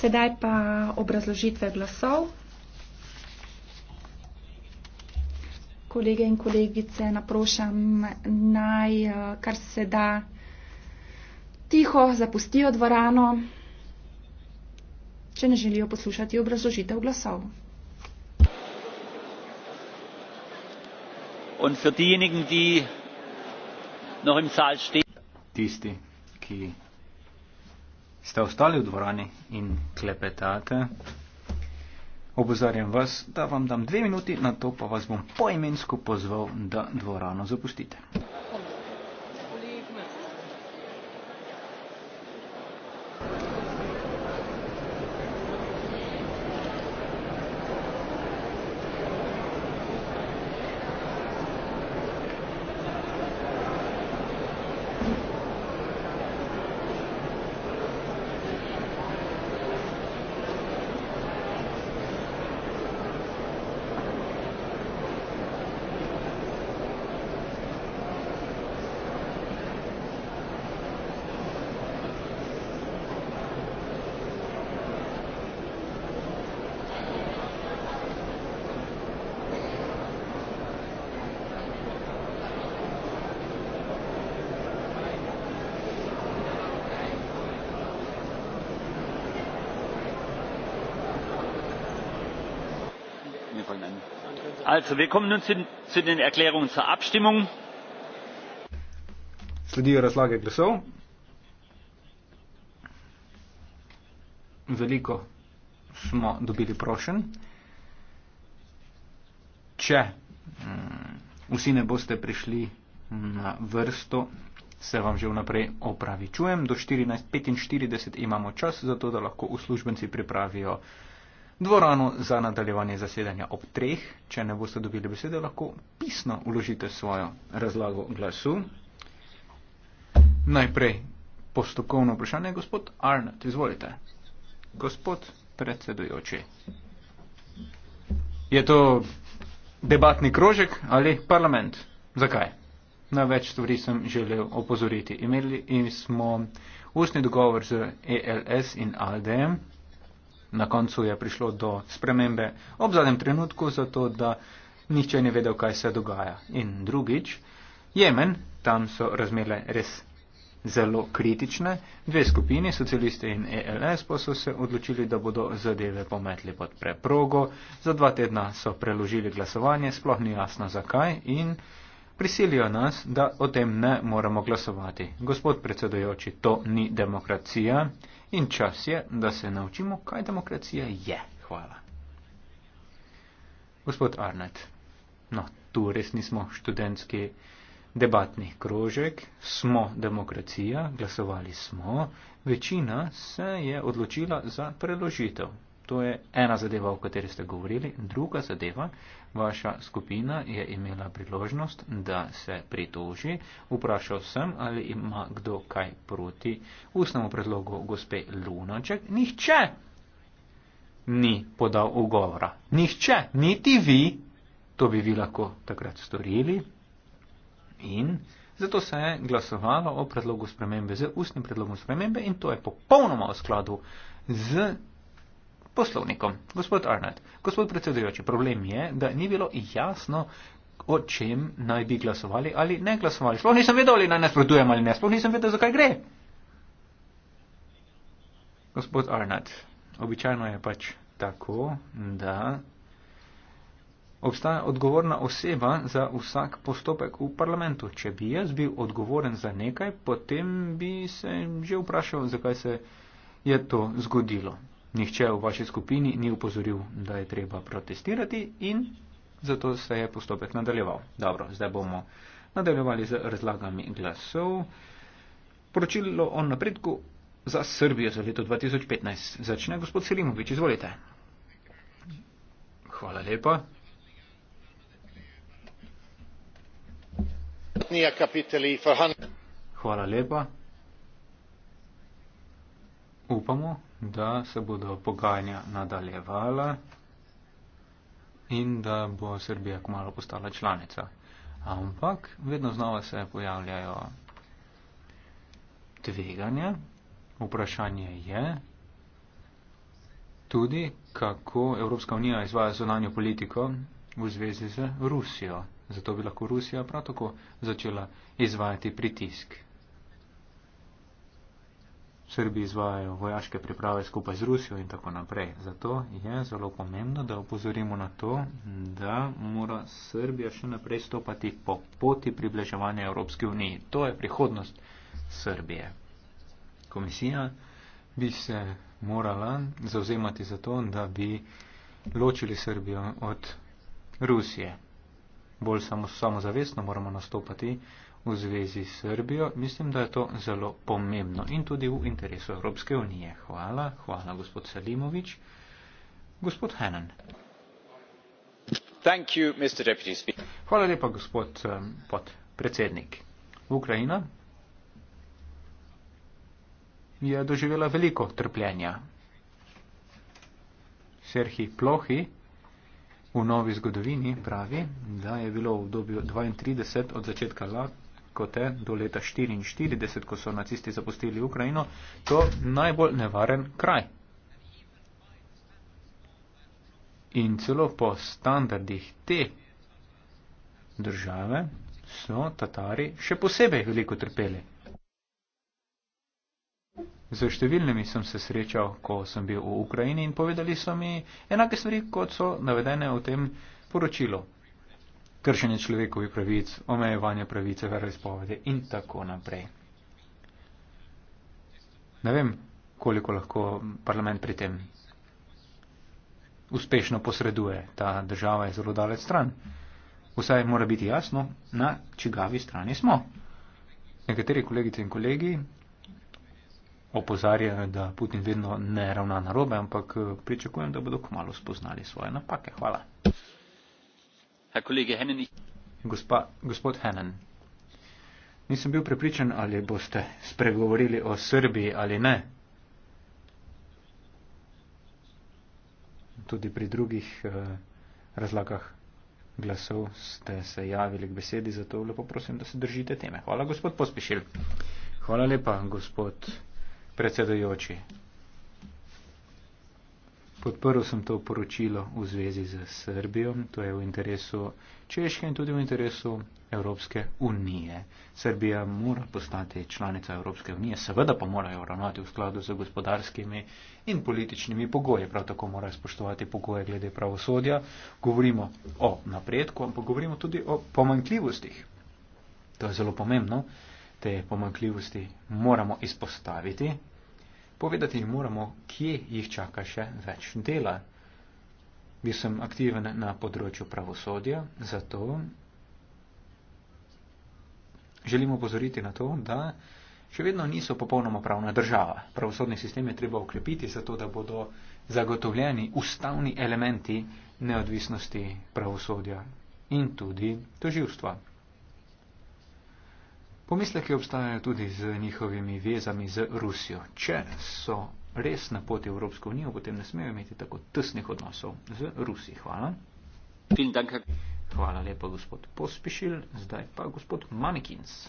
Sedaj pa obrazložitve glasov. Kolege in kolegice naprošam naj, eh, kar se da, tiho zapustijo dvorano, če ne želijo poslušati obrazložitev glasov. Tisti, ki ste ostali v dvorani in klepetate. Obozarjam vas, da vam dam dve minuti, na to pa vas bom poimensko pozval, da dvorano zapustite. Sledijo razlage glasov. Veliko smo dobili prošen. Če mm, vsi ne boste prišli na vrsto, se vam že vnaprej opravičujem. Do 14.45 imamo čas, zato da lahko uslužbenci pripravijo dvorano za nadaljevanje zasedanja ob treh. Če ne boste dobili besede, lahko pisno uložite svojo razlago glasu. Najprej postopkovno vprašanje, gospod Arnold, izvolite. Gospod predsedujoči. Je to debatni krožek ali parlament? Zakaj? Na več stvari sem želel opozoriti. Imeli smo ustni dogovor z ELS in ALDM na koncu je prišlo do spremembe ob zadnjem trenutku, zato da nihče ni vedel, kaj se dogaja. In drugič, Jemen, tam so razmere res zelo kritične. Dve skupini, socialisti in ELS, pa so se odločili, da bodo zadeve pometli pod preprogo. Za dva tedna so preložili glasovanje, sploh ni jasno zakaj in prisilijo nas, da o tem ne moramo glasovati. Gospod predsedojoči, to ni demokracija. In čas je, da se naučimo, kaj demokracija je. Hvala. Gospod Arnet, no, tu res nismo študentski debatni krožek, smo demokracija, glasovali smo, večina se je odločila za preložitev. To je ena zadeva, o kateri ste govorili, druga zadeva, Vaša skupina je imela priložnost, da se pritoži. Vprašal sem, ali ima kdo kaj proti ustnemu predlogu gospe Lunaček. Nihče ni podal ugovora. Nihče, niti vi, to bi vi lahko takrat storili. In zato se je glasovalo o predlogu spremembe, z ustnim predlogom spremembe in to je popolnoma v skladu z poslovnikom. Gospod Arnett, gospod predsedujoči, problem je, da ni bilo jasno, o čem naj bi glasovali ali ne glasovali. Sploh nisem vedel, ali naj nasprotujem ali ne, sploh nisem vedel, zakaj gre. Gospod Arnett, običajno je pač tako, da obstaja odgovorna oseba za vsak postopek v parlamentu. Če bi jaz bil odgovoren za nekaj, potem bi se že vprašal, zakaj se je to zgodilo nihče v vaši skupini ni upozoril, da je treba protestirati in zato se je postopek nadaljeval. Dobro, zdaj bomo nadaljevali z razlagami glasov. Poročilo o napredku za Srbijo za leto 2015. Začne gospod Selimovič, izvolite. Hvala lepa. Hvala lepa. Upamo, da se bodo pogajanja nadaljevala in da bo Srbija kmalo postala članica. Ampak vedno znova se pojavljajo tveganja. Vprašanje je tudi, kako Evropska unija izvaja zonanjo politiko v zvezi z Rusijo. Zato bi lahko Rusija prav tako začela izvajati pritisk Srbi izvajajo vojaške priprave skupaj z Rusijo in tako naprej. Zato je zelo pomembno, da opozorimo na to, da mora Srbija še naprej stopati po poti približevanja Evropski uniji. To je prihodnost Srbije. Komisija bi se morala zauzemati za to, da bi ločili Srbijo od Rusije. Bolj samo, samozavestno moramo nastopati v zvezi s Srbijo. Mislim, da je to zelo pomembno in tudi v interesu Evropske unije. Hvala, hvala gospod Salimovič. Gospod Henan. Hvala lepa, gospod um, podpredsednik. Ukrajina je doživela veliko trpljenja. Serhi Plohi v novi zgodovini pravi, da je bilo v obdobju 32 od začetka kot je do leta 1944, ko so nacisti zapustili Ukrajino, to najbolj nevaren kraj. In celo po standardih te države so Tatari še posebej veliko trpeli. Za številnimi sem se srečal, ko sem bil v Ukrajini in povedali so mi enake stvari, kot so navedene v tem poročilu kršenje človekovih pravic, omejevanje pravice veroizpovede in tako naprej. Ne vem, koliko lahko parlament pri tem uspešno posreduje. Ta država je zelo daleč stran. Vsaj mora biti jasno, na čigavi strani smo. Nekateri kolegice in kolegi opozarjajo, da Putin vedno ne ravna na robe, ampak eh, pričakujem, da bodo kmalo spoznali svoje napake. Hvala. Gospod Henen, nisem bil prepričan, ali boste spregovorili o Srbiji ali ne. Tudi pri drugih eh, razlagah glasov ste se javili k besedi, zato lepo prosim, da se držite teme. Hvala, gospod Pospešil. Hvala lepa, gospod predsedujoči. Podprl sem to poročilo v zvezi z Srbijo, to je v interesu Češke in tudi v interesu Evropske unije. Srbija mora postati članica Evropske unije, seveda pa morajo ravnati v skladu z gospodarskimi in političnimi pogoji, prav tako morajo spoštovati pogoje glede pravosodja. Govorimo o napredku, ampak govorimo tudi o pomankljivostih. To je zelo pomembno. Te pomankljivosti moramo izpostaviti, Povedati jim moramo, kje jih čaka še več dela. Bil sem aktiven na področju pravosodja, zato želimo pozoriti na to, da še vedno niso popolnoma pravna država. Pravosodni sistem je treba ukrepiti, zato da bodo zagotovljeni ustavni elementi neodvisnosti pravosodja in tudi toživstva. Pomisleki obstajajo tudi z njihovimi vezami z Rusijo. Če so res na poti Evropsko unijo, potem ne smejo imeti tako tesnih odnosov z Rusijo. Hvala. Hvala lepa, gospod Pospišil. Zdaj pa gospod Manikins.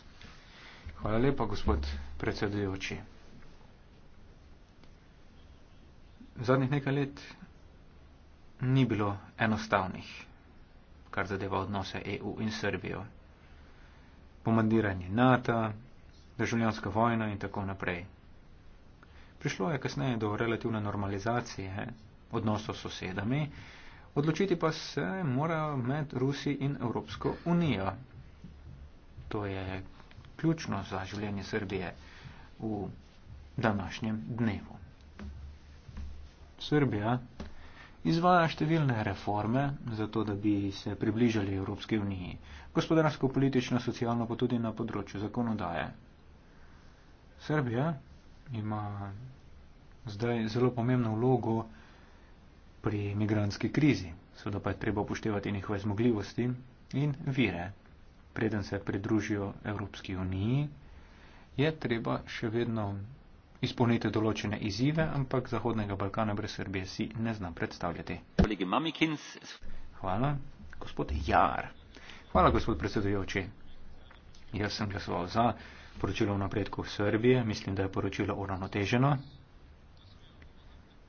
Hvala lepa, gospod predsedujoči. Zadnjih nekaj let ni bilo enostavnih, kar zadeva odnose EU in Srbijo pomandiranje NATO, državljanska vojna in tako naprej. Prišlo je kasneje do relativne normalizacije odnosov s sosedami, odločiti pa se mora med Rusi in Evropsko unijo. To je ključno za življenje Srbije v današnjem dnevu. Srbija izvaja številne reforme, zato da bi se približali Evropske unije, gospodarsko, politično, socialno, pa tudi na področju zakonodaje. Srbija ima zdaj zelo pomembno vlogo pri imigranski krizi, seveda pa je treba upoštevati njihove zmogljivosti in vire. Preden se pridružijo Evropski uniji, je treba še vedno izpolniti določene izzive, ampak Zahodnega Balkana brez Srbije si ne znam predstavljati. Hvala, gospod Jar. Hvala, gospod predsedujoči. Jaz sem glasoval za poročilo o napredku v Srbije. Mislim, da je poročilo uravnoteženo.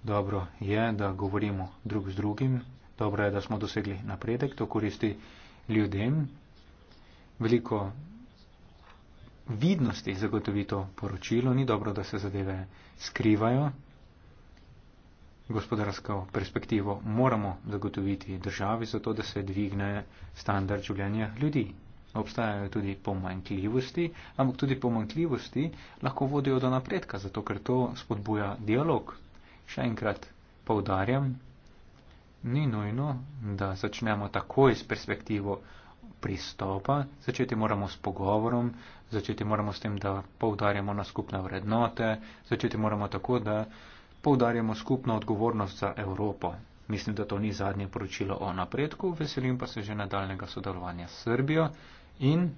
Dobro je, da govorimo drug z drugim. Dobro je, da smo dosegli napredek. To koristi ljudem. Veliko vidnosti zagotovi to poročilo, ni dobro, da se zadeve skrivajo. Gospodarsko perspektivo moramo zagotoviti državi, zato da se dvigne standard življenja ljudi. Obstajajo tudi pomankljivosti, ampak tudi pomankljivosti lahko vodijo do napredka, zato ker to spodbuja dialog. Še enkrat povdarjam, ni nujno, da začnemo takoj s perspektivo pristopa, začeti moramo s pogovorom, začeti moramo s tem, da poudarjamo na skupne vrednote, začeti moramo tako, da poudarjamo skupno odgovornost za Evropo. Mislim, da to ni zadnje poročilo o napredku, veselim pa se že nadaljnega sodelovanja s Srbijo in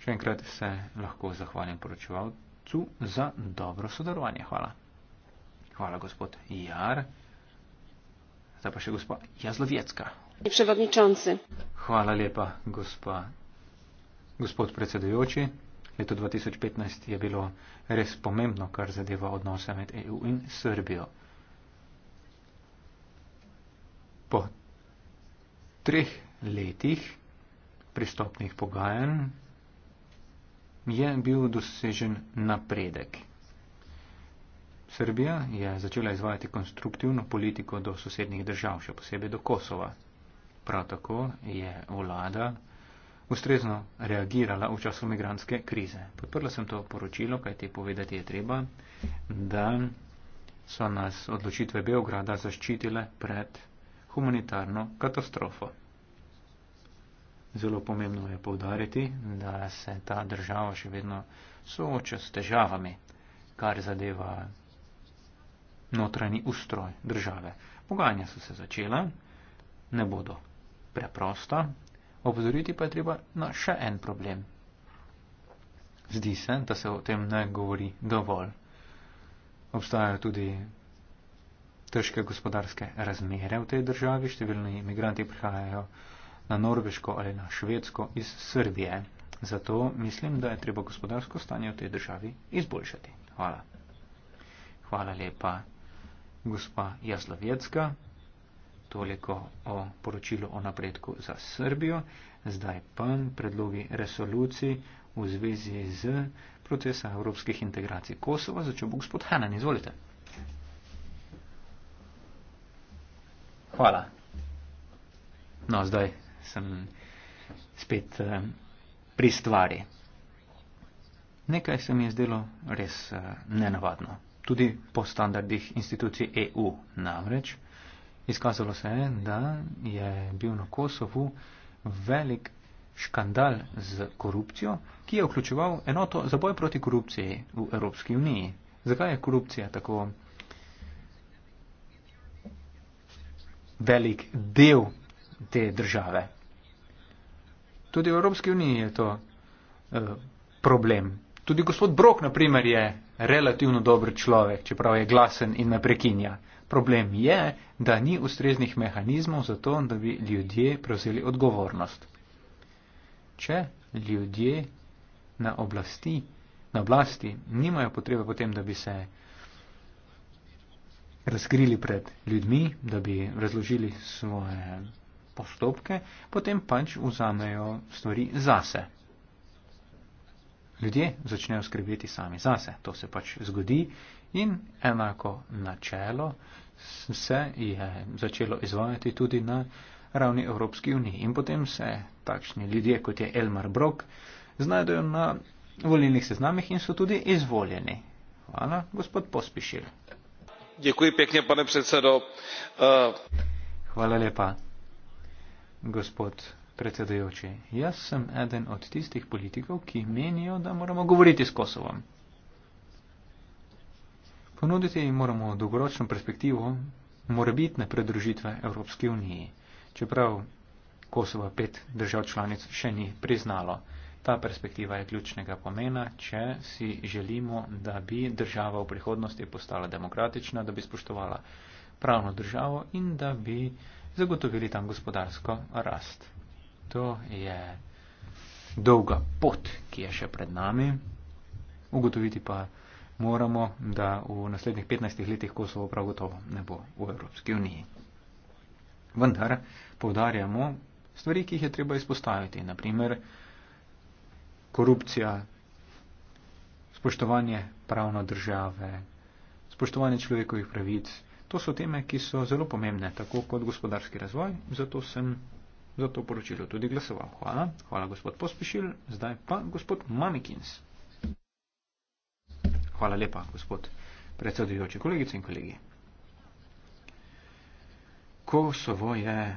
še enkrat se lahko zahvalim poročevalcu za dobro sodelovanje. Hvala. Hvala, gospod Jar. Zdaj pa še gospod Jazlovjecka. Hvala lepa, gospod. Gospod predsedujoči, leto 2015 je bilo res pomembno, kar zadeva odnose med EU in Srbijo. Po treh letih pristopnih pogajanj je bil dosežen napredek. Srbija je začela izvajati konstruktivno politiko do sosednjih držav, še posebej do Kosova. Prav tako je vlada ustrezno reagirala v času migranske krize. Podprla sem to poročilo, kaj ti povedati je treba, da so nas odločitve Beograda zaščitile pred humanitarno katastrofo. Zelo pomembno je povdariti, da se ta država še vedno sooča s težavami, kar zadeva notranji ustroj države. Pogajanja so se začela, ne bodo preprosta, Opozoriti pa je treba na še en problem. Zdi se, da se o tem ne govori dovolj. Obstajajo tudi težke gospodarske razmere v tej državi, številni imigranti prihajajo na Norveško ali na Švedsko iz Srbije. Zato mislim, da je treba gospodarsko stanje v tej državi izboljšati. Hvala. Hvala lepa, gospa Jaslovjecka toliko o poročilu o napredku za Srbijo, zdaj pa predlogi resolucij v zvezi z procesa evropskih integracij Kosova. Začel bo gospod Hanan, izvolite. Hvala. No, zdaj sem spet eh, pri stvari. Nekaj se mi je zdelo res eh, nenavadno, tudi po standardih institucij EU namreč. Izkazalo se je, da je bil na Kosovu velik škandal z korupcijo, ki je vključeval enoto za boj proti korupciji v Evropski uniji. Zakaj je korupcija tako velik del te države? Tudi v Evropski uniji je to eh, problem. Tudi gospod Brok, naprimer, je relativno dober človek, čeprav je glasen in ne prekinja. Problem je, da ni ustreznih mehanizmov za to, da bi ljudje prevzeli odgovornost. Če ljudje na oblasti, na oblasti nimajo potrebe potem, da bi se razkrili pred ljudmi, da bi razložili svoje postopke, potem pač vzamejo stvari zase. Ljudje začnejo skrbeti sami zase. To se pač zgodi In enako načelo se je začelo izvajati tudi na ravni Evropske unije. In potem se takšni ljudje, kot je Elmar Brok, znajdejo na volilnih seznamih in so tudi izvoljeni. Hvala, gospod Pospišil. Děkuji pěkně, pane předsedo. Uh... Hvala lepa, gospod predsedujoči. Jaz sem eden od tistih politikov, ki menijo, da moramo govoriti s Kosovom. Ponuditi moramo dolgoročno perspektivo morebitne predružitve Evropski uniji, čeprav Kosova pet držav članic še ni priznalo. Ta perspektiva je ključnega pomena, če si želimo, da bi država v prihodnosti postala demokratična, da bi spoštovala pravno državo in da bi zagotovili tam gospodarsko rast. To je dolga pot, ki je še pred nami. Ugotoviti pa moramo, da v naslednjih 15 letih Kosovo prav gotovo ne bo v Evropski uniji. Vendar povdarjamo stvari, ki jih je treba izpostaviti. Naprimer, korupcija, spoštovanje pravno države, spoštovanje človekovih pravic. To so teme, ki so zelo pomembne, tako kot gospodarski razvoj. Zato sem za to poročilo tudi glasoval. Hvala, hvala gospod Pospešil. Zdaj pa gospod Mamikins. Hvala lepa, gospod predsedujoči, kolegice in kolegi. Kosovo je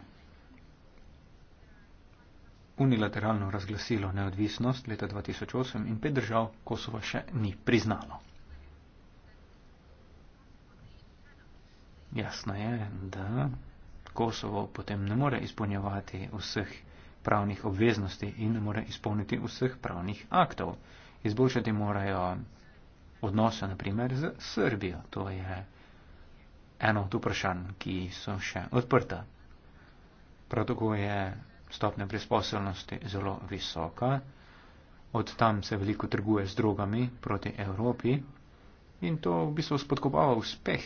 unilateralno razglasilo neodvisnost leta 2008 in pet držav Kosova še ni priznalo. Jasno je, da Kosovo potem ne more izpolnjevati vseh pravnih obveznosti in ne more izpolniti vseh pravnih aktov. Izboljšati morajo odnose, naprimer, z Srbijo. To je eno od vprašanj, ki so še odprta. Prav tako je stopnja brezposelnosti zelo visoka. Od tam se veliko trguje z drogami proti Evropi in to v bistvu spodkopava uspeh,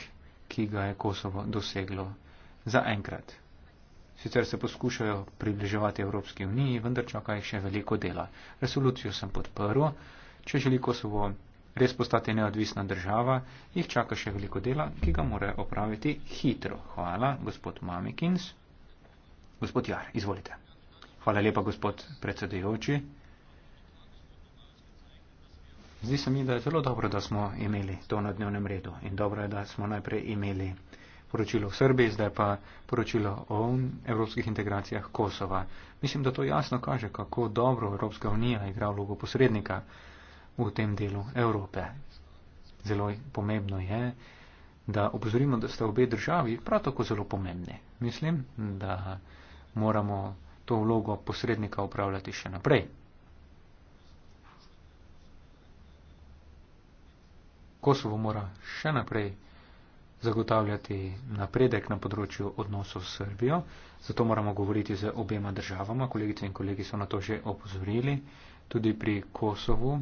ki ga je Kosovo doseglo zaenkrat. Sicer se poskušajo približevati Evropski uniji, vendar čaka jih še veliko dela. Resolucijo sem podprl. Če želi Kosovo res postati neodvisna država, jih čaka še veliko dela, ki ga morajo opraviti hitro. Hvala, gospod Mamikins. Gospod Jar, izvolite. Hvala lepa, gospod predsedujoči. Zdi se mi, da je zelo dobro, da smo imeli to na dnevnem redu in dobro je, da smo najprej imeli poročilo v Srbiji, zdaj pa poročilo o evropskih integracijah Kosova. Mislim, da to jasno kaže, kako dobro Evropska unija igra vlogo posrednika v tem delu Evrope. Zelo pomembno je, da obzorimo, da sta obe državi prav tako zelo pomembne. Mislim, da moramo to vlogo posrednika upravljati še naprej. Kosovo mora še naprej zagotavljati napredek na področju odnosov s Srbijo, zato moramo govoriti z obema državama. Kolegice in kolegi so na to že opozorili. Tudi pri Kosovu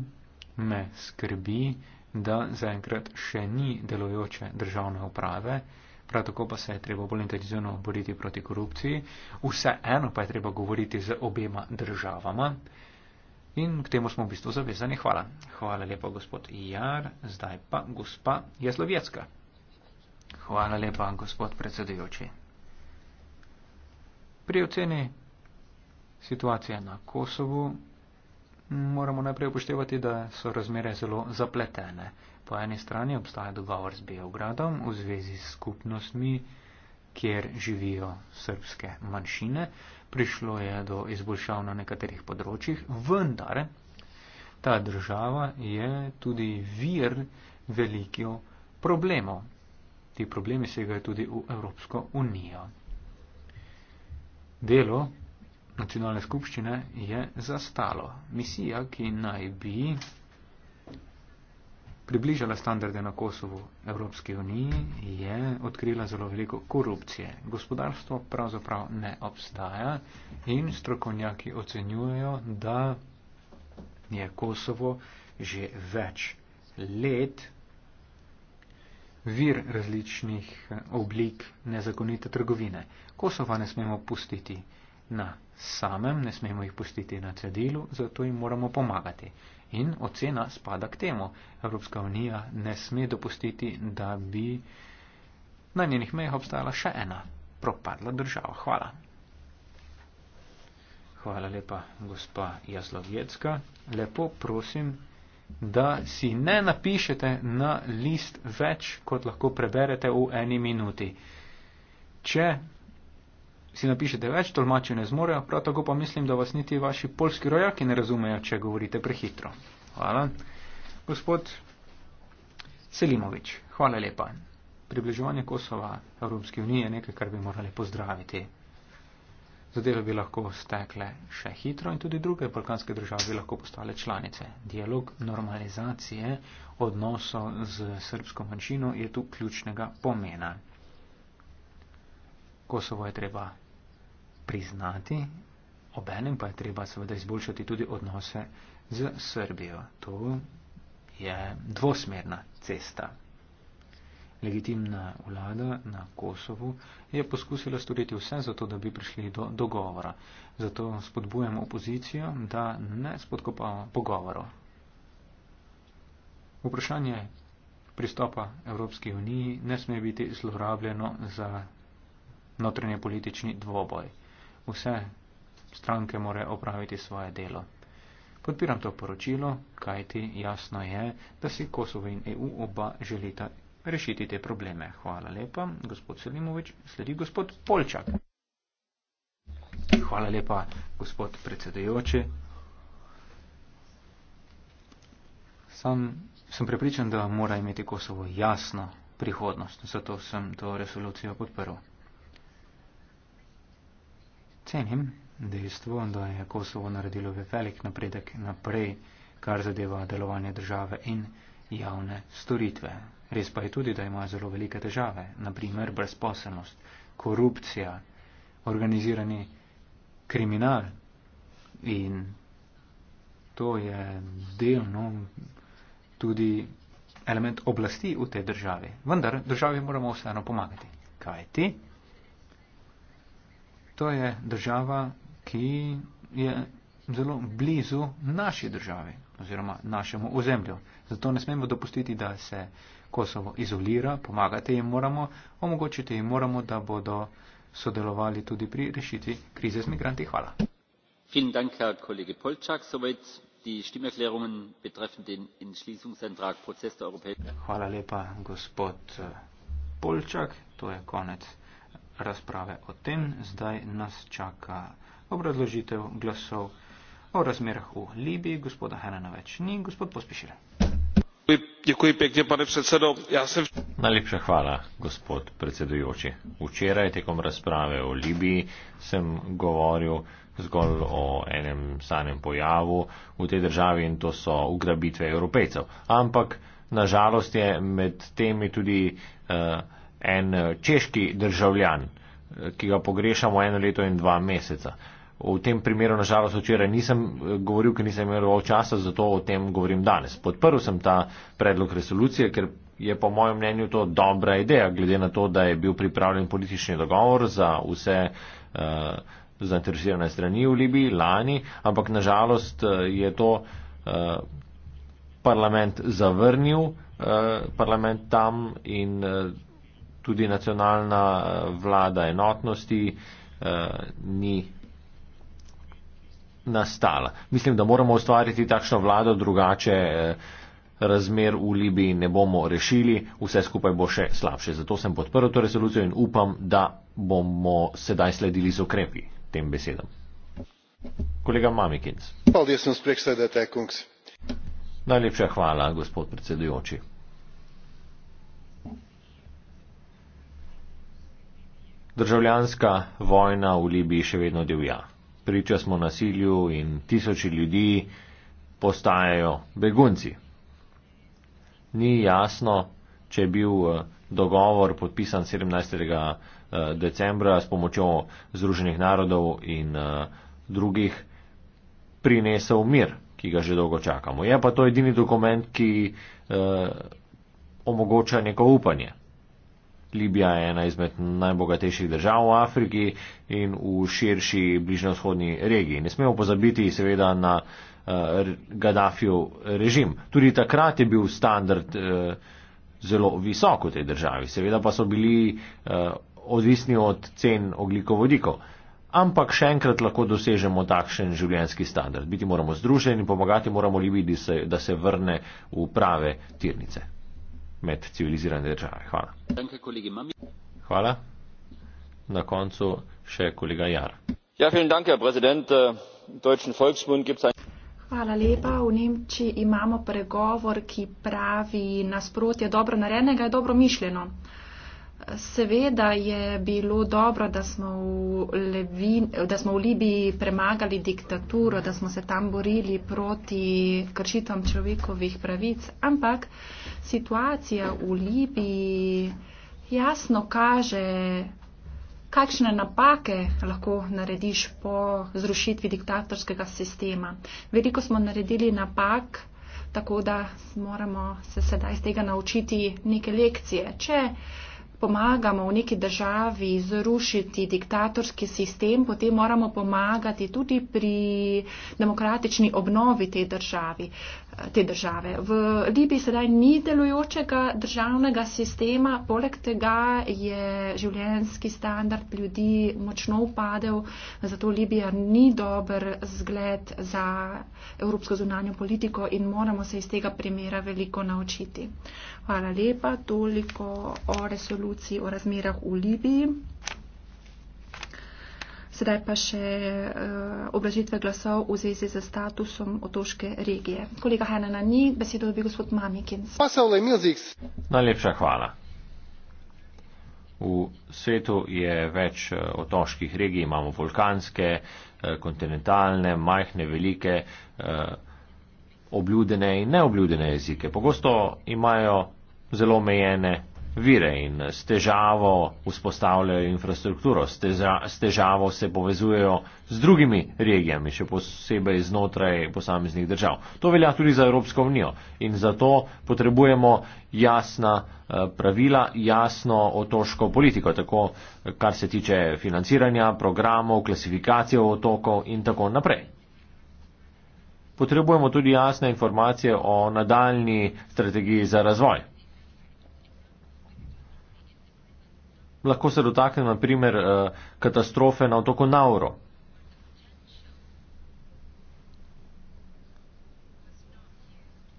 me skrbi, da zaenkrat še ni delojoče državne uprave, prav tako pa se je treba bolj intenzivno boriti proti korupciji, vseeno pa je treba govoriti z obema državama. In k temu smo v bistvu zavezani. Hvala. Hvala lepa, gospod Jar. Zdaj pa gospa Jezlovjecka. Hvala lepa, gospod predsedujoči. Pri oceni situacije na Kosovu moramo najprej upoštevati, da so razmere zelo zapletene. Po eni strani obstaja dogovor z Beogradom v zvezi s skupnostmi, kjer živijo srpske manjšine. Prišlo je do izboljšav na nekaterih področjih, vendar ta država je tudi vir velikih problemov. Ti problemi segajo tudi v Evropsko unijo. Delo nacionalne skupščine je zastalo. Misija, ki naj bi približala standarde na Kosovo Evropski uniji, je odkrila zelo veliko korupcije. Gospodarstvo pravzaprav ne obstaja in strokovnjaki ocenjujejo, da je Kosovo že več let vir različnih oblik nezakonite trgovine. Kosova ne smemo pustiti na samem, ne smemo jih pustiti na cedilu, zato jim moramo pomagati. In ocena spada k temu. Evropska unija ne sme dopustiti, da bi na njenih mejah obstajala še ena propadla država. Hvala. Hvala lepa, gospa Jazlovjecka. Lepo prosim, da si ne napišete na list več, kot lahko preberete v eni minuti. Če si napišete več, tolmači ne zmorejo, prav tako pa mislim, da vas niti vaši polski rojaki ne razumejo, če govorite prehitro. Hvala. Gospod Selimovič, hvala lepa. Približevanje Kosova Evropski uniji je nekaj, kar bi morali pozdraviti. Zadeve bi lahko stekle še hitro in tudi druge balkanske države bi lahko postale članice. Dialog normalizacije odnosov z srbsko manjšino je tu ključnega pomena. Kosovo je treba priznati, obenem pa je treba seveda izboljšati tudi odnose z Srbijo. To je dvosmerna cesta. Legitimna vlada na Kosovu je poskusila storiti vse za to, da bi prišli do dogovora. Zato spodbujamo opozicijo, da ne spodkopava pogovorov. Vprašanje pristopa Evropski uniji ne sme biti zlorabljeno za notranje politični dvoboj vse stranke morajo opraviti svoje delo. Podpiram to poročilo, kajti jasno je, da si Kosovo in EU oba želita rešiti te probleme. Hvala lepa, gospod Selimovič. Sledi gospod Polčak. Hvala lepa, gospod predsedajoči. Sam sem prepričan, da mora imeti Kosovo jasno prihodnost, zato sem to resolucijo podprl cenim dejstvo, da je Kosovo naredilo velik napredek naprej, kar zadeva delovanje države in javne storitve. Res pa je tudi, da ima zelo velike težave, naprimer brezposelnost, korupcija, organizirani kriminal in to je delno tudi element oblasti v tej državi. Vendar državi moramo vseeno pomagati. Kaj ti? To je država, ki je zelo blizu naši državi oziroma našemu ozemlju. Zato ne smemo dopustiti, da se Kosovo izolira, pomagati jim moramo, omogočiti jim moramo, da bodo sodelovali tudi pri rešitvi krize z migranti. Hvala. Hvala lepa, gospod eh, Polčak. To je konec razprave o tem, zdaj nas čaka obrazložitev glasov o razmerah v Libiji. Gospoda Henana več ni, gospod Pospišir. Děkuji pěkně, pane předsedo. Já jsem... Najlepša hvala, gospod predsedujoči. Včeraj tekom razprave o Libiji jsem govoril zgolj o enem samem pojavu v tej državi in to so ugrabitve evropejcev. Ampak na žalost je med temi tudi uh, en eh, češki državljan, eh, ki ga pogrešamo eno leto in dva meseca. V tem primeru, nažalost, včeraj nisem eh, govoril, ker nisem imel dovolj časa, zato o tem govorim danes. Podprl sem ta predlog resolucije, ker je po mojem mnenju to dobra ideja, glede na to, da je bil pripravljen politični dogovor za vse uh, zainteresirane strani v Libiji lani, ampak nažalost je to uh, parlament zavrnil, uh, parlament tam in. Uh, tudi nacionalna eh, vlada enotnosti eh, ni nastala. Mislim, da moramo ustvariti takšno vlado, drugače eh, razmer v Libiji ne bomo rešili, vse skupaj bo še slabše. Zato sem podprl to rezolucijo in upam, da bomo sedaj sledili z okrepi tem besedam. Kolega Mamikins. Najlepša hvala, gospod predsedujoči. Državljanska vojna v Libiji še vedno divja. Priča smo nasilju in tisoči ljudi postajajo begunci. Ni jasno, če je bil eh, dogovor podpisan 17. Eh, decembra s pomočjo Združenih narodov in eh, drugih prinesel mir, ki ga že dolgo čakamo. Je pa to edini dokument, ki eh, omogoča neko upanje. Libija je ena izmed najbogatejših držav v Afriki in v širši bližnjovzhodni regiji. Ne smemo pozabiti seveda na uh, eh, Gaddafijev režim. Tudi takrat je bil standard uh, zelo visok v tej državi. Seveda pa so bili uh, odvisni od cen oglikovodikov. Ampak še enkrat lahko dosežemo takšen življenski standard. Biti moramo združeni in pomagati moramo Libiji, da se vrne v prave tirnice med civilizirane države. Hvala. Hvala. Na koncu še kolega Jar. Ja, dank, ja, Hvala lepa. V Nemčiji imamo pregovor, ki pravi nasprotje dobro narednega je dobro mišljeno. Seveda je bilo dobro, da smo, v Levin, da smo v Libiji premagali diktaturo, da smo se tam borili proti kršitvam človekovih pravic, ampak situacija v Libiji jasno kaže, kakšne napake lahko narediš po zrušitvi diktatorskega sistema. Veliko smo naredili napak. Tako da moramo se sedaj iz tega naučiti neke lekcije. Če uh, pomagamo v neki državi zrušiti diktatorski sistem, potem moramo pomagati tudi pri demokratični obnovi te državi te države. V Libiji sedaj ni delujočega državnega sistema, poleg tega je življenski standard ljudi močno upadel, zato Libija ni dober zgled za evropsko zunanjo politiko in moramo se iz tega primera veliko naučiti. Hvala lepa, toliko o resoluciji o razmerah v Libiji. Sedaj pa še eh, obražitve glasov v zvezi z statusom otoške regije. Kolega Hena na ni, besedo dobi gospod Mamikins. Najlepša hvala. V svetu je več eh, otoških regij, imamo vulkanske, eh, kontinentalne, majhne, velike, obljudene in neobljudene jezike. Pogosto imajo zelo omejene vire in s težavo vzpostavljajo infrastrukturo, s težavo se povezujejo z drugimi regijami, še posebej znotraj posameznih držav. To velja tudi za Evropsko unijo in zato potrebujemo jasna eh, pravila, jasno otoško politiko, tako kar se tiče financiranja, programov, klasifikacije otokov in tako naprej. Potrebujemo tudi jasne informacije o nadaljni strategiji za razvoj. lahko se dotaknemo naprimer eh, katastrofe na otoku Nauro.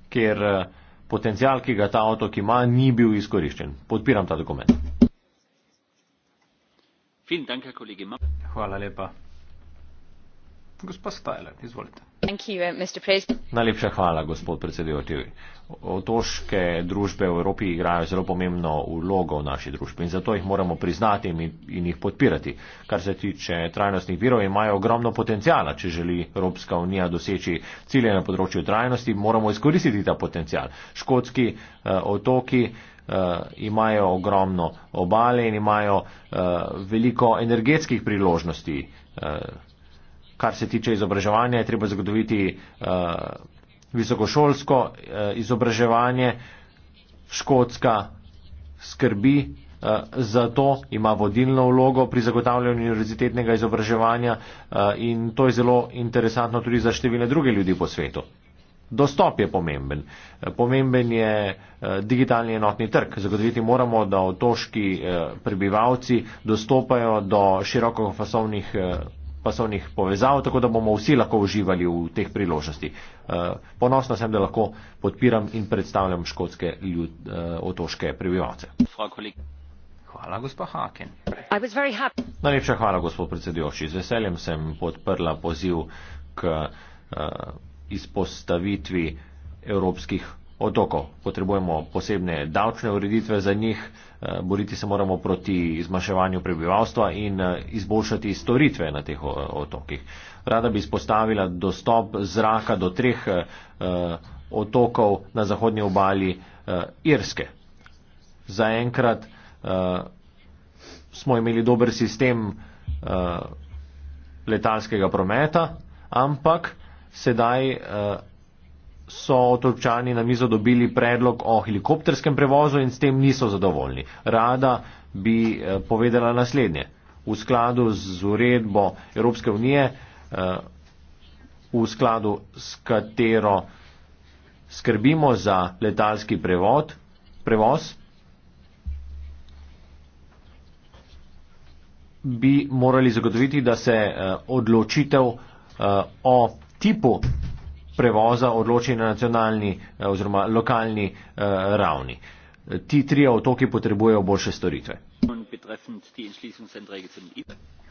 Ker eh, potencijal, ki ga ta otok ima, ni bil izkoriščen. Podpiram ta dokument. Hvala lepa. Uh, Najlepša hvala, gospod predsedujoči. Otoške družbe v Evropi igrajo zelo pomembno vlogo v naši družbi in zato jih moramo priznati in jih podpirati. Kar se tiče trajnostnih virov, imajo ogromno potencijala. Če želi Evropska unija doseči cilje na področju trajnosti, moramo izkoristiti ta potencijal. Škotski eh, otoki eh, imajo ogromno obale in imajo eh, veliko energetskih priložnosti. Eh, kar se tiče izobraževanja, je treba zagotoviti uh, visokošolsko uh, izobraževanje. Škotska skrbi uh, za to, ima vodilno vlogo pri zagotavljanju univerzitetnega izobraževanja uh, in to je zelo interesantno tudi za številne druge ljudi po svetu. Dostop je pomemben. Pomemben je digitalni enotni trg. Zagotoviti moramo, da otoški prebivalci dostopajo do širokofasovnih pasovnih povezav, tako da bomo vsi lahko uživali v teh priložnosti. Eh, Ponosno sem, da lahko podpiram in predstavljam škotske ljud, eh, otoške prebivalce. Hvala, gospod Haken. Najlepša hvala, gospod predsedujoči. Z veseljem sem podprla poziv k eh, izpostavitvi evropskih otokov. Potrebujemo posebne davčne ureditve za njih, eh, boriti se moramo proti zmaševanju prebivalstva in eh, izboljšati storitve na teh otokih. Rada bi izpostavila dostop zraka do treh eh, otokov na zahodnji obali Irske. Zaenkrat smo imeli dober sistem letalskega prometa, ampak sedaj so otočani na mizo dobili predlog o helikopterskem prevozu in s tem niso zadovoljni. Rada bi eh, povedala naslednje. V skladu z uredbo Evropske unije, eh, v skladu s katero skrbimo za letalski prevod, prevoz, bi morali zagotoviti, da se eh, odločitev o tipu prevoza odloči na nacionalni eh, oziroma lokalni eh, ravni. Ti tri otoki potrebujejo boljše storitve.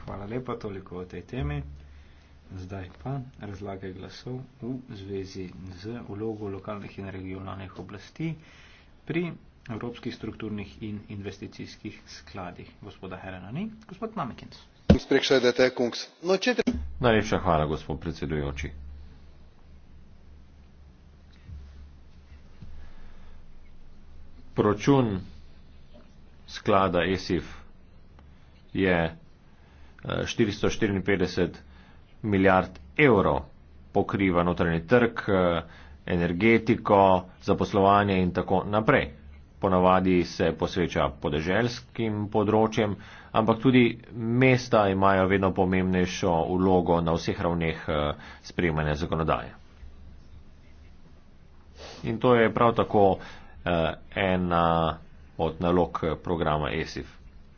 Hvala lepa, toliko o tej temi. Zdaj pa razlage glasov v zvezi z vlogo lokalnih in regionalnih oblasti pri evropskih strukturnih in investicijskih skladih. Gospoda Heranani, gospod Namekins. Najlepša hvala, gospod predsedujoči. proračun sklada ESIF je 454 eh, milijard evrov pokriva notranji trg, eh, energetiko, zaposlovanje in tako naprej. Ponavadi se posveča podeželskim področjem, ampak tudi mesta imajo vedno pomembnejšo ulogo na vseh ravneh eh, sprejmanja zakonodaje. In to je prav tako Eh, ena od nalog programa ESIF.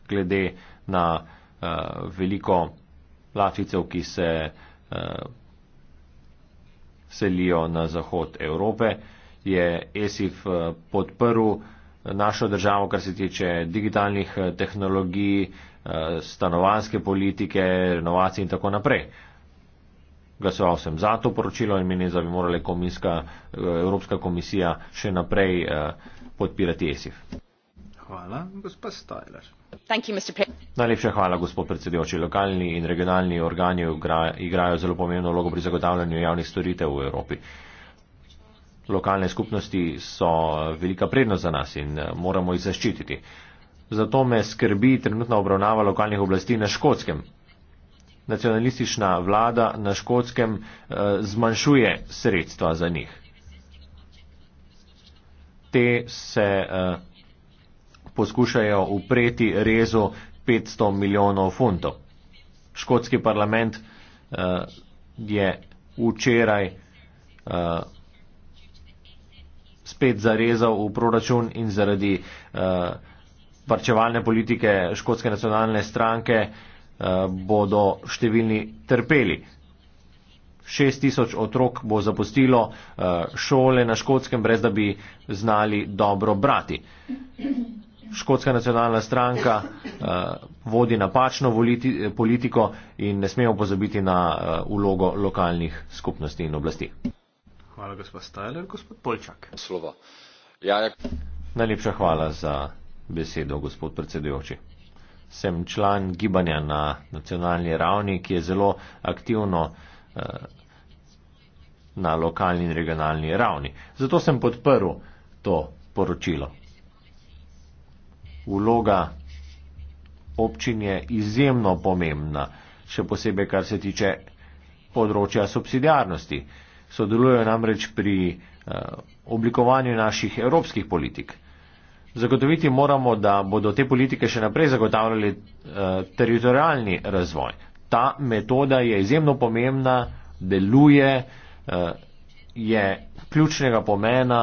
Glede na eh, veliko lačicev, ki se eh, selijo na zahod Evrope, je ESIF podprl našo državo, kar se tiče digitalnih tehnologij, stanovanske politike, renovacij in tako naprej glasoval sem za to poročilo in meni, da bi morala komiska, eh, Evropska komisija še naprej eh, podpirati ESIF. Hvala, gospod Stajler. Najlepša hvala, gospod predsedujoči. Lokalni in regionalni organi igrajo zelo pomembno vlogo pri zagotavljanju javnih storitev v Evropi. Lokalne skupnosti so eh, velika prednost za nas in moramo jih zaščititi. Zato me skrbi trenutna obravnava lokalnih oblasti na škotskem, nacionalistična vlada na škotskem eh, zmanjšuje sredstva za njih. Te se eh, poskušajo upreti rezu 500 milijonov funtov. Škotski parlament eh, je včeraj spet zarezal v proračun in zaradi varčevalne politike Škotske nacionalne stranke uh, bodo številni trpeli. 6 tisoč otrok bo zapustilo eh, šole na škotskem, brez da bi znali dobro brati. Škotska nacionalna stranka eh, vodi napačno politiko in ne smemo pozabiti na ulogo eh, lokalnih skupnosti in oblasti. Hvala, gospod Stajler. Gospod Polčak. Ja, je... Ja. Najlepša hvala za besedo, gospod predsedujoči sem član gibanja na nacionalni ravni, ki je zelo aktivno eh, na lokalni in regionalni ravni. Zato sem podprl to poročilo. Vloga občin je izjemno pomembna, še posebej kar se tiče področja subsidijarnosti. Sodelujejo namreč pri eh, oblikovanju naših evropskih politik. Zagotoviti moramo, da bodo te politike še naprej zagotavljali eh, teritorijalni razvoj. Ta metoda je izjemno pomembna, deluje, eh, je ključnega pomena,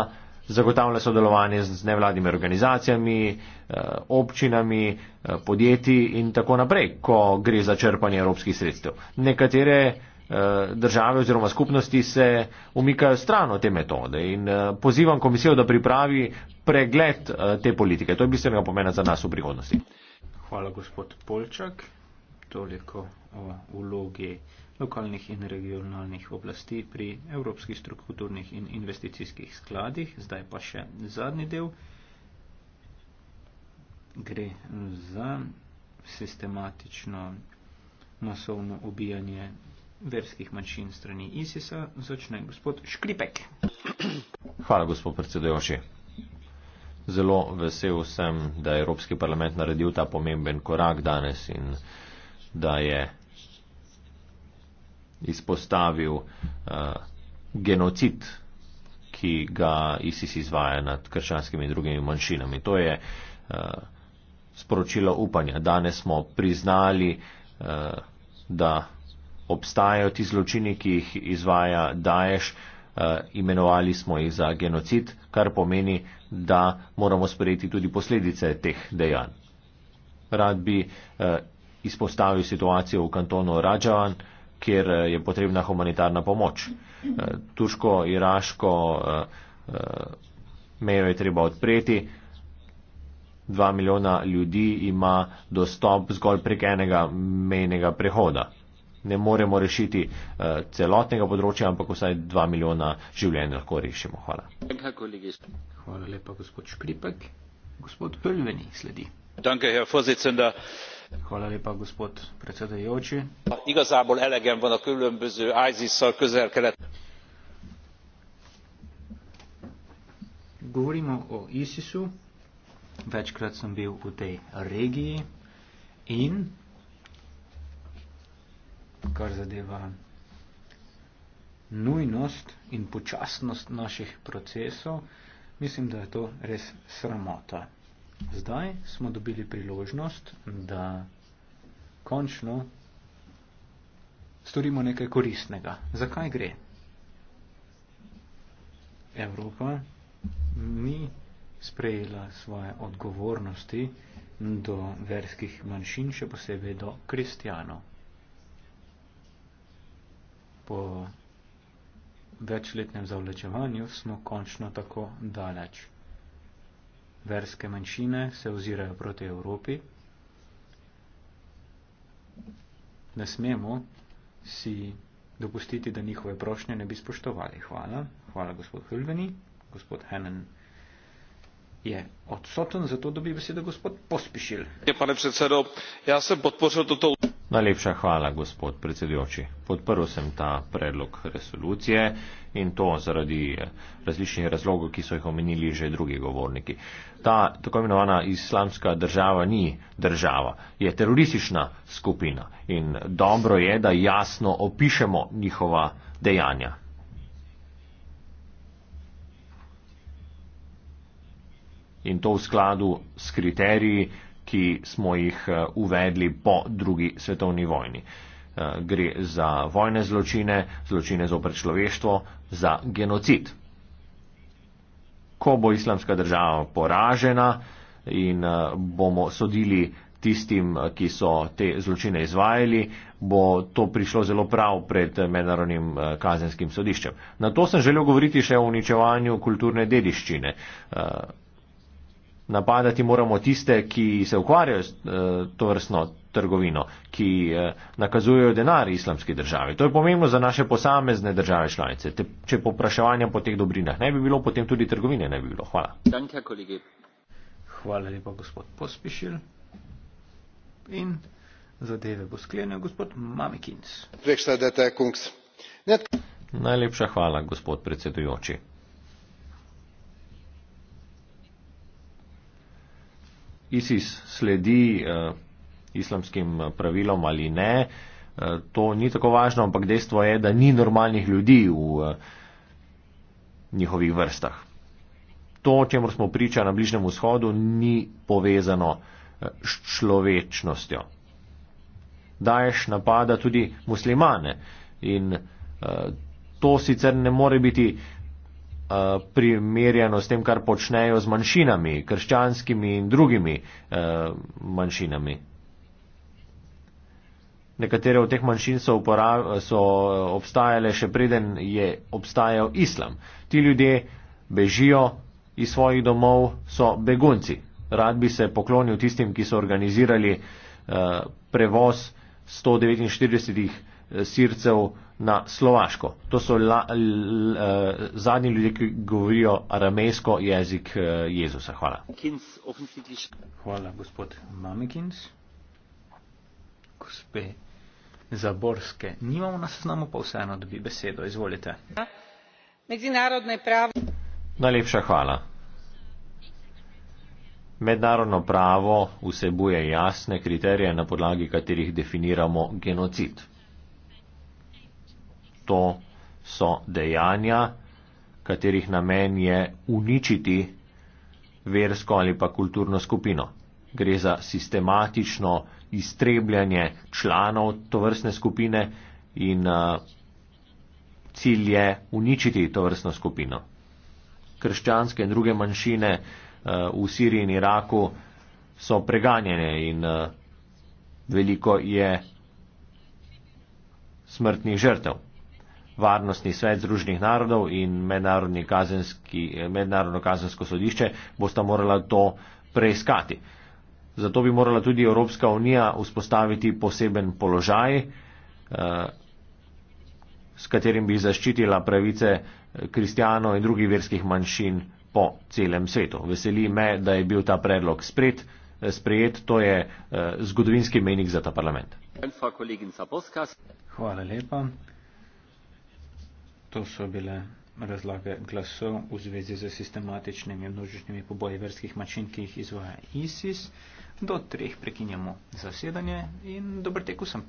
zagotavlja sodelovanje z nevladnimi organizacijami, eh, občinami, eh, podjetji in tako naprej, ko gre za črpanje evropskih sredstev. Nekatere eh, države oziroma skupnosti se umikajo stran od te metode in eh, pozivam komisijo, da pripravi pregled eh, te politike. To je bistvenega pomena za nas v prihodnosti. Hvala, gospod Polčak. Toliko o vlogi lokalnih in regionalnih oblasti pri evropskih strukturnih in investicijskih skladih. Zdaj pa še zadnji del. Gre za sistematično masovno ubijanje verskih manjšin strani ISIS-a. Začne gospod Škripek. Hvala, gospod predsedujoči. Zelo vesel sem, da je Evropski parlament naredil ta pomemben korak danes in da je izpostavil uh, genocid, ki ga ISIS izvaja nad krščanskimi in drugimi manjšinami. To je uh, sporočilo upanja. Danes smo priznali, uh, da obstajajo ti zločini, ki jih izvaja Daesh. Eh, imenovali smo jih za genocid, kar pomeni, da moramo sprejeti tudi posledice teh dejanj. Rad bi eh, izpostavil situacijo v kantonu Rađavan, kjer eh, je potrebna humanitarna pomoč. Turško-iraško mejo je treba odpreti. Dva milijona ljudi ima dostop zgolj prek enega mejnega prehoda ne moremo rešiti eh, celotnega področja, ampak vsaj dva milijona življenj lahko rešimo. Hvala. Hvala lepa, gospod Škripek. Gospod Pelveni sledi. Danke, Herr Hvala lepa, gospod predsedajoči. Igazabol elegem vana különböző ISIS-sal közel kelet. Govorimo o ISIS-u. Večkrat sem bil v tej regiji in kar zadeva nujnost in počasnost naših procesov, mislim, da je to res sramota. Zdaj smo dobili priložnost, da končno storimo nekaj koristnega. Zakaj gre? Evropa ni sprejela svoje odgovornosti do verskih manjšin, še posebej do kristijanov po večletnem zavlečevanju smo končno tako daleč. Verske manjšine se ozirajo proti Evropi. Ne smemo si dopustiti, da njihove prošnje ne bi spoštovali. Hvala. Hvala, gospod Hulveni. Gospod Henen je odsoten, zato da bi besedo gospod pospišil. Je, pane predsedo, jaz sem podpořil toto. Najlepša hvala, gospod predsedujoči. Podprl sem ta predlog resolucije in to zaradi različnih razlogov, ki so jih omenili že drugi govorniki. Ta tako imenovana islamska država ni država, je teroristična skupina in dobro je, da jasno opišemo njihova dejanja. In to v skladu s kriteriji ki smo jih eh, uvedli po drugi svetovni vojni. Eh, gre za vojne zločine, zločine zopr človeštvo, za genocid. Ko bo islamska država poražena in eh, bomo sodili tistim, ki so te zločine izvajali, bo to prišlo zelo prav pred mednarodnim kazenskim sodiščem. Na to sem želel govoriti še o uničevanju kulturne dediščine napadati moramo tiste, ki se ukvarjajo s eh, to vrstno trgovino, ki eh, nakazujejo denar islamski državi. To je pomembno za naše posamezne države članice. Te, če popraševanja po teh dobrinah ne bi bilo, potem tudi trgovine ne bi bilo. Hvala. Danke, Hvala lepa, gospod Pospišil. In zadeve bo sklenil gospod Mamikins. Najlepša hvala, gospod predsedujoči. ISIS sledi uh, islamskim eh, pravilom ali ne, uh, to ni tako važno, ampak dejstvo je, da ni normalnih ljudi v uh, njihovih vrstah. To, čemu smo priča na Bližnem vzhodu, ni povezano uh, s človečnostjo. Daješ napada tudi muslimane in uh, to sicer ne more biti uh, Eh, primerjeno s tem, kar počnejo z manjšinami, krščanskimi in drugimi uh, manjšinami. Nekatere od teh manjšin so, uporab, so eh, obstajale še preden je obstajal islam. Ti ljudje bežijo iz svojih domov, so begunci. Rad bi se poklonil tistim, ki so organizirali uh, prevoz 149 sircev na Slovaško. To so la, l, l, l, eh, zadnji ljudje, ki govorijo aramejsko jezik eh, Jezusa. Hvala. Hvala, gospod Mamikins. Gospe Zaborske, nimamo na seznamu, pa vseeno dobi besedo. Izvolite. Najlepša hvala. Mednarodno pravo vsebuje jasne kriterije, na podlagi katerih definiramo genocid to so dejanja, katerih namen je uničiti versko ali pa kulturno skupino. Gre za sistematično iztrebljanje članov to vrstne skupine in uh, cilj je uničiti to vrstno skupino. Krščanske in druge manjšine uh, v Siriji in Iraku so preganjene in uh, veliko je smrtnih žrtev varnostni svet Združenih narodov in kazenski, mednarodno kazensko sodišče bosta morala to preiskati. Zato bi morala tudi Evropska unija vzpostaviti poseben položaj, eh, s katerim bi zaščitila pravice eh, kristijanov in drugih verskih manjšin po celem svetu. Veseli me, da je bil ta predlog spred, eh, sprejet, to je zgodovinski menik za ta parlament. Hvala lepa. To so bile razlage glasov v zvezi z sistematičnimi množičnimi poboji verskih mačin, ki jih izvaja ISIS. Do treh prekinjamo zasedanje in dober tek vsem.